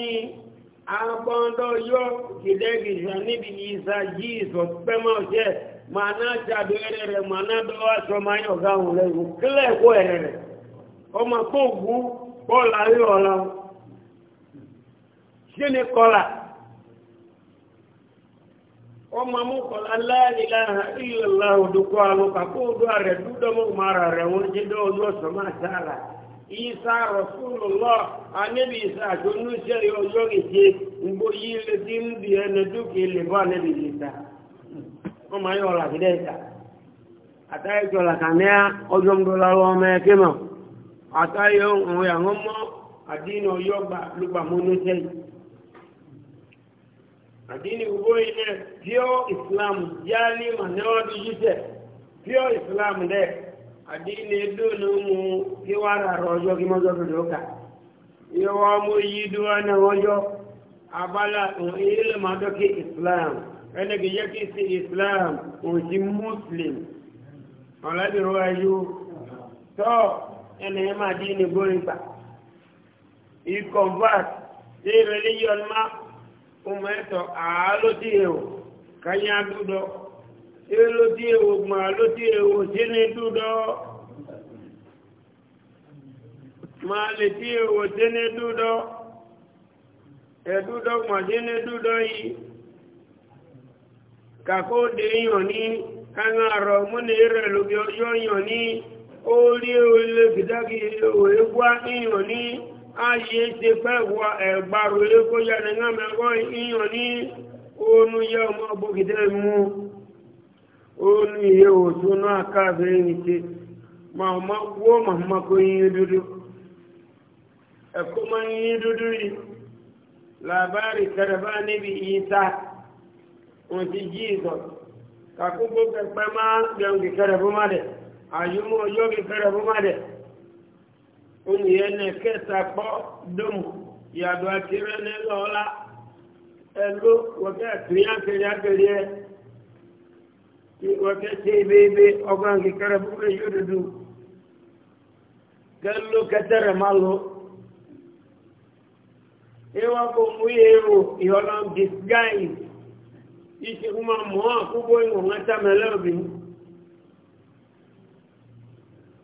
agbọ́ndọ́ yọ gidẹ́gidẹ́ níbi ìsàjì ìsọ̀pẹ́mọ̀ jẹ́ màá náà jáde ẹrẹ rẹ̀ màá náà aṣọ máa yọ̀ gáhùn lẹ́yìn kílẹ̀ ẹ̀kọ́ ẹ̀rẹ̀ rẹ̀ ọmọ kó ògún bọ́ọ̀lù ayé ọ̀la ṣé ni ọmọ mọ́kọ̀ aláàrínláà ìlọ́lá òdókọ́ alọ́kà kó odó ààrẹ dúdọ́ mọ́ mara rẹ̀ wọ́n jẹ́ ọdún ọ̀sán máa dára ìsá rọ̀ fúnlọ lọ anẹ́bí ìsá tó ní iṣẹ́ ọjọ́ ìṣe gbogbo yìí lè ti ń di ẹnu dúkì lè bọ́ anẹ́bí ìta ọmọ ayé ọ̀là ti dẹ́ta àtàyè tó làkà ní ọjọ́ ń dọ́là lọ ọmọ ẹ̀kẹ́ náà àtàyè ọ̀hún àwọn ọmọ àdínà ọyọ́ gbà ló gbà mọ́ Lakini uboine sio Islamu jali maneno dijite. Sio Islamu ndio adini dunu mu kiwara rojo kimojo kidoka. Iyo wamu yidua na rojo abala ile madoki Islam. Ene kijaki si Islam uji Muslim. Olabi roju. So ene ma dini boiba. I convert. They religion ma umeto alotiewo kanya dudo elotiewo ma alotiewo tene dudo ma letiewo tene dudo e dudo ma tene dudo i kakode yoni kangaro mune irelu yoyoni olie ule kidagi ule kwa yoni ayé ṣe fẹ́ wọ ẹ̀gbàrò ilé kó yẹ ní ọmọ ẹ̀kọ́ ìyàn ní oòrùn yẹ ọmọ ọgbọ̀gìdẹ́ mú oòrùn yẹ òtún náà káàfẹ́ yìí ṣe máa ma wó màmá kó yín dúdú ẹ̀kọ́ máa ń yín dúdú yìí làbárì kẹrẹfà níbi ìta wọn ti jí ìtọ̀ kàkókò kẹpẹ́ máa ń gbẹ̀ǹkì kẹrẹfọ́ má dẹ̀ àyùmọ̀ ọjọ́ kẹrẹfọ́ má dẹ̀ onye ene kẹta kpọ dom yàdó akéré ní lọ́la ẹló wọ́kẹ́ tuyákẹ́rẹ́ akẹ́rẹ́ wọ́kẹ́ tẹ ibébe ọgbọ́n kékeré fúnlẹ̀ yóò dúdú kẹló kẹtẹrẹ má lọ ewa kò mú yé o ìyọlọ disguise ìṣèkú ma mọ́ àkúgbó ìwọ̀n ẹ̀ta mẹ́lẹ́ obìnrin.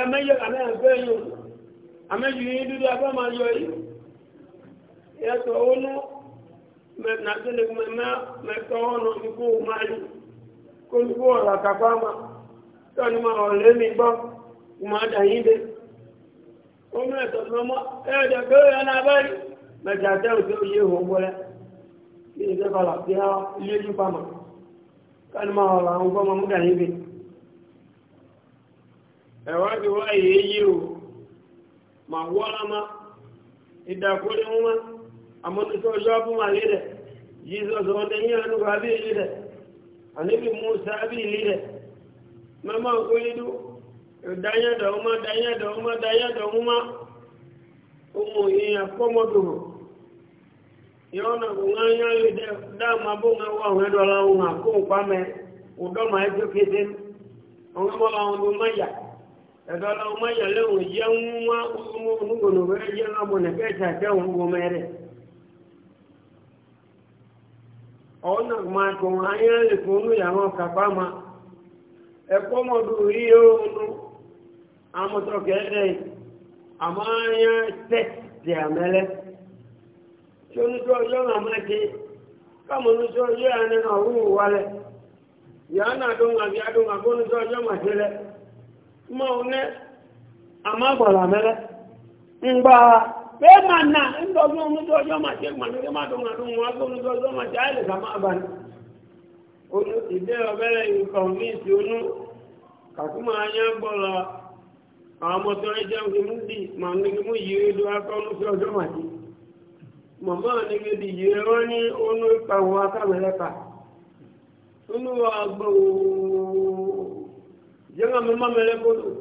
ẹmẹ́yẹ kàmẹ́ ẹ̀fẹ́ yìí àmẹ́jù yìí dúdú afẹ́ máa yọ yìí ẹ̀tọ́ ọ̀nà nàtẹ́lẹ̀ mẹ́tọ́ ọ̀nà ikú máa yìí kó ọ̀rọ̀ àmà máa ọ̀rẹ́ mi gbọ́ máa dà yín dé ẹ̀ẹ́dẹ̀ pé ó náà mẹ́tẹ́ kí làbí ilé ọ̀rọ̀ àwọn mú dà yín dé. ẹ̀wájú wáyé yí o mà wọ́lá má ìdàkúrí mú má àmọ́tútù ọjọ́ fún màlí rẹ̀ jesus ọdẹ yín ànúkọ abí ìlí rẹ̀ àníbi musa abí ìlí rẹ̀ mẹ́mọ́ àkó yídú ìdáyẹ̀dọ̀ ọmọ dáyẹ̀dọ̀ ọmọ dáyẹ̀dọ̀ ọmọ ọmọ ìyẹn àkọ́mọdòrò yá dáàmà bó ẹ̀dọ́lọ́ ọmọ yẹn lẹ́wọ̀n yẹ ń wá onígbònò rẹ̀ yẹ ń wọ́n nẹ̀kẹ́ ìtàkẹ́wọ̀n gbọmọ rẹ̀ ọ̀nà máa tún ayé lè fún ìyàwó kàpá ma ẹ̀kọ́ mọ̀dù rí oòrùn amọ̀tọ̀kẹ́lẹ̀ àmọ́ ayé tẹ̀sí àmẹ́lẹ́ tí ó ní tó ọjọ́ àmẹ́kẹ́ káàmùn ní tó ọjọ́ àánú àwọn òwúwalẹ̀ yàrá náà ma ṣe gbọ̀nà ṣe máa dùn àdùn wọn tó onuzo ọjọ́ ma ṣe àìlè ká máa bani onu ti dé ọbẹ̀rẹ̀ ìkọ̀míìsì onú kàkúmọ̀ anyá gbọ́lọ̀ àwọn ọmọ tó ẹjẹ́ ń gbẹmú di màá ní gbẹmú yìí ló akọ́ onuzo ọjọ́ ma ṣe màmá ní gbẹdì yìí wọ́n ní onú ìpàwọ̀ akámẹ́lẹ́pà onú wa gbọ́ òun jenga mama mele kodo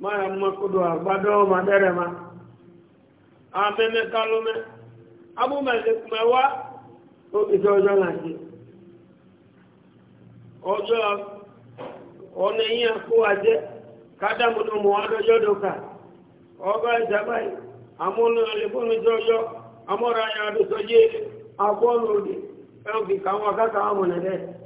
mara mma kodo agbado ma dere ma ameme kalume abu mele kumewa obi to ojo na ji ojo one yin ko aje kada mu no mo ado jodo ka ogo jabai amunu le bunu jojo amora ya do soje agbonu de e o ki kan wa ka ka amune de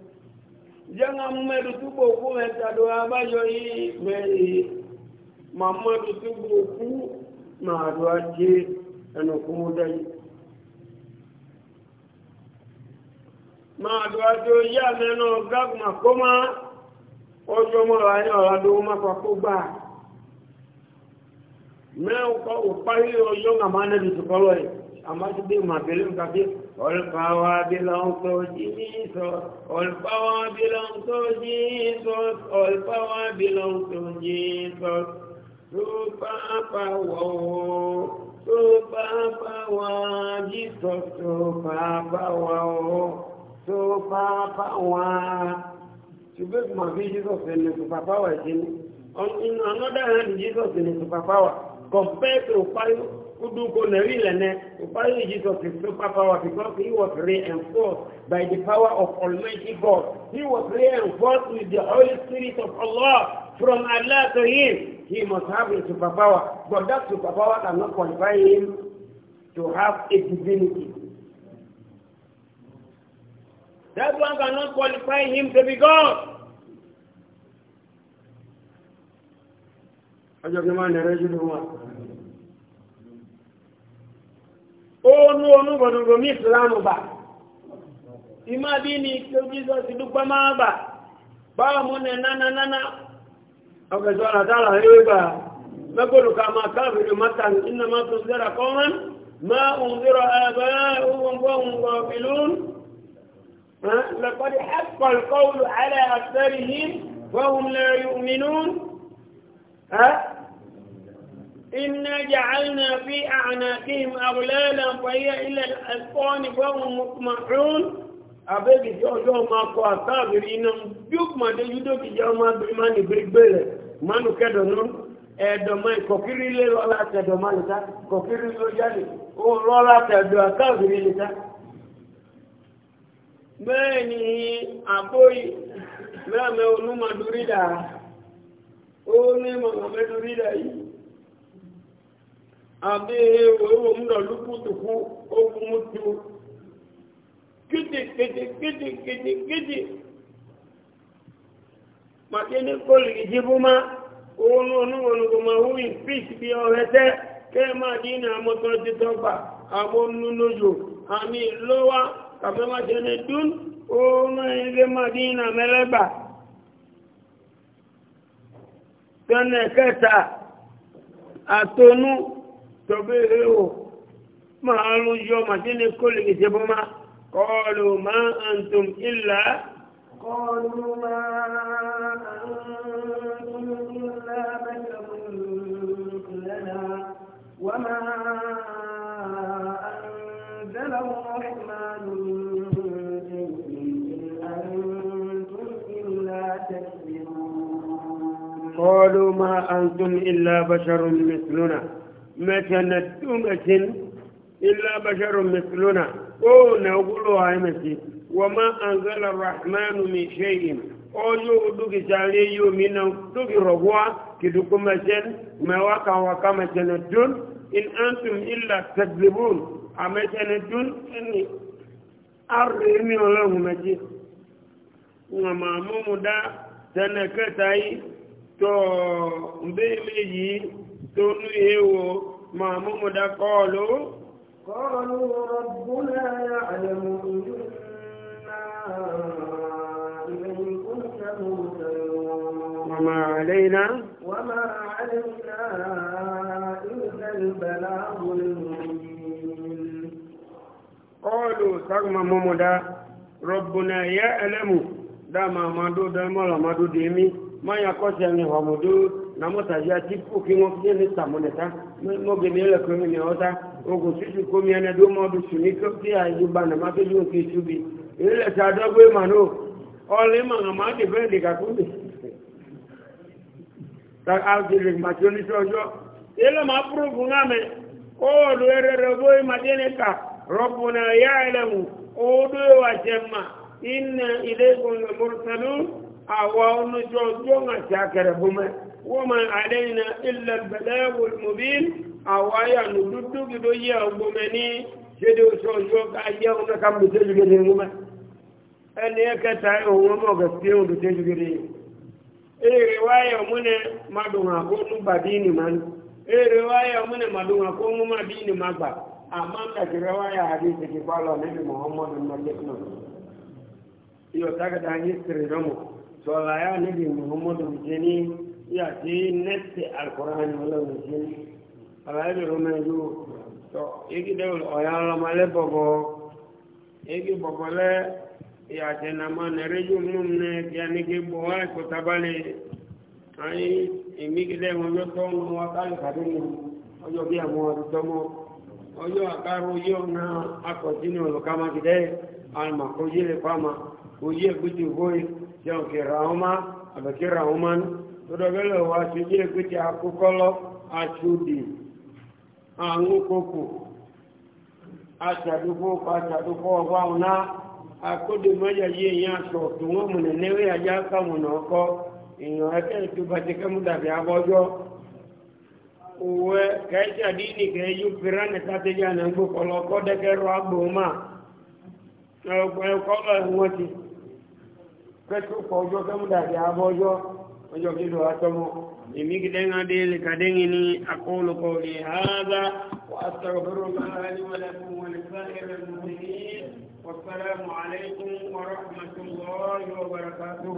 jangan meru tubo ku meta doa ba yo i meri mamma tu tubo ku na doa je eno kumudai ma doa jo ya meno gagma koma ojo mo la ni ola do ma kwa ku ba me o ko o pa yo yo na mane tu kolo e amadu be ma bele ngabe والقوابل توجيس والقوابل توجيس والقوابل توجيس سوباباو سوباباو جيسوس سوباباو سوباباو شبك ما في جيسوس إن سوباباو جيني On in another hand, Jesus is a superpower compared to fire Udu Konerilene, who followed Jesus with superpower because he was reinforced by the power of Almighty God. He was reinforced with the Holy Spirit of Allah. From Allah to him, he must have a superpower. But that superpower cannot qualify him to have a divinity. That one cannot qualify him to be God. أجل ما نرجل هو onu onu gbọdọgbọ mi islam ba ima bi ni tó jesus dúpẹ́ máa bà báwọn mú ní nánà nánà ọ̀gẹ̀dọ̀ àtàrà ẹgbà mẹ́gbọ́lùkà máa káàbìrì mátà iná máa tó zẹ́ra kọ́rán máa ń zẹ́ra ẹgbẹ́ ohun gbọ́hun gbọ́bìlún لقد حق القول على أكثرهم وهم لا يؤمنون ها إنا جعلنا في أعناقهم أغلالا فهي إلى الأسفان فهم مطمحون أبيك جوجو ما قواتابر إنهم بيوك ما تجدو كي جو ما بريماني بريك بيلة ما نكدو نون ẹ̀dọ̀ mọ́ ìkọ̀kírí lé lọ́la tẹ̀dọ̀ máa lè ta kọ̀kírí ló jáde ó lọ́la tẹ̀dọ̀ àkáàkiri lè ta bẹ́ẹ̀ ni àbóyí mẹ́àmẹ́ olúmọdúrídà ó ní mọ̀mọ́mẹ́dúrídà yìí abe ewo ŋdɔ lukutuku okumutu kiti kiti kiti kiti kiti màtí ní kóòlì ìdìbò má òun oníwòlù kò máa wúwi fíìsì bí ọrẹ tẹ kẹ máa dín ní amọtọ títọ gbà àwọn nínúyò àmì lọwọ kàfẹ má ṣe ní dún òun ilé máa dín ní amẹlẹgbà tẹnẹ kẹta àtọnú. tọ́bẹ̀rẹ̀ o máa ló yọ màṣínì kólé ìṣẹ́bọ́ máa kọlu máa ń tún ìlà. kọlu máa ń tún ìlà bẹ́ẹ̀ وما أنزل الرحمن من شيء إن أنتم إلا تكذبون قالوا ما أنتم إلا بشر مثلنا متنتومة إلا بشر مثلنا أو نقولها مثل وما أنزل الرحمن من شيء أو يؤدك سالي من أدك ربوا كدكما سن ما وقع وقام سنتون إن أنتم إلا تكذبون أما سنتون أني أرمي الله مجي وما ممدا سنكتاي تو مبي دون إيو ما ممد قالوا قالوا ربنا يعلم وما علينا وما علينا إلا البلاغ المبين قالوا سغم ممدا ربنا يعلم دام مدود ملا مدود ما يقصني ومدود na mota ya ti ko ki mo ki ni ta mo ne ta mo ge ne la ko ni o ta o go si ko mi ana do mo bi su ni ko ti a ju ba na ma ke ju ki su bi e le ta do gwe ma no o le ma na ma ke be ni ka ku ni ta a ji le ma jo ni so jo e le ma pro gu na me o do re re bo ma de ne ka ro bu na ya ele mu o do wa je ma in ile go mo a wa o no jo jo ma ja ke re bu me وما علينا إلا البلاغ المبين أوايا نردو بدوية ومني جدو سوشوك أيام كم بتجبري وما أني أكتاي وما قصديهم بتجبري إيه رواية من ما دونا كون بديني من إيه رواية من ما دونا كون ما ديني ما با أما كذا رواية حديث كبار النبي محمد صلى الله عليه وسلم يوتاك دانيس كريمو صلى الله عليه وسلم محمد بن yàtí nẹ́tì alukọ̀rán ọlọ́run sí aláìbẹ̀rẹ̀ mẹ́jọ tọ́ igi dẹ́wọ̀lẹ̀ ọ̀yà ọlọ́mọlẹ́ bọ̀bọ̀ igi bọ̀bọ̀lẹ́ yàtí nàmọ́ nẹ́rẹ́jọ múnmẹ́ kíánikí bọ̀ wá ìkọta balẹ̀ ayé ìmígi dẹ́wọ̀n yóò tọ́ ọmọ akáyọ̀ kàdé mu ọjọ́ bí àwọn ọ̀dọ́ mọ́ ọjọ́ àkàrò yóò ná akọ̀sínú ọ̀lọ́kàmákidẹ́ alùmọ̀kọ́yé lè fáma òye ègbútì fóyè jẹun kìrà ọmọ àbẹ̀kìrà ọmọ nù tọdọgẹlẹ wa ti jẹ pété akókọlọ atsodi àwọn koko atsadukọ atsadukọ ọgbà ọ̀nà akódemọdé yìí èèyàn asọ tó wọn mọ nínú ẹwẹ ajá kàmù nà ọkọ èèyàn ẹkẹ tó bàtẹ kẹmú dàbí abọjọ òwò kẹsà dínì kẹyú piranì kàtẹjà nà gbókọlọ kọdẹkẹrọ agbóhùnmá ọgbẹ kọlọ ẹwọn ti kẹtù kọjọ kẹmú dàbí abọjọ ojo kido atomo imikidenga dele kadengi ni aqulu qawli hadha wa astaghfirullah li wa lakum wa lisa'iril muslimin wassalamu alaykum wa rahmatullahi wa barakatuh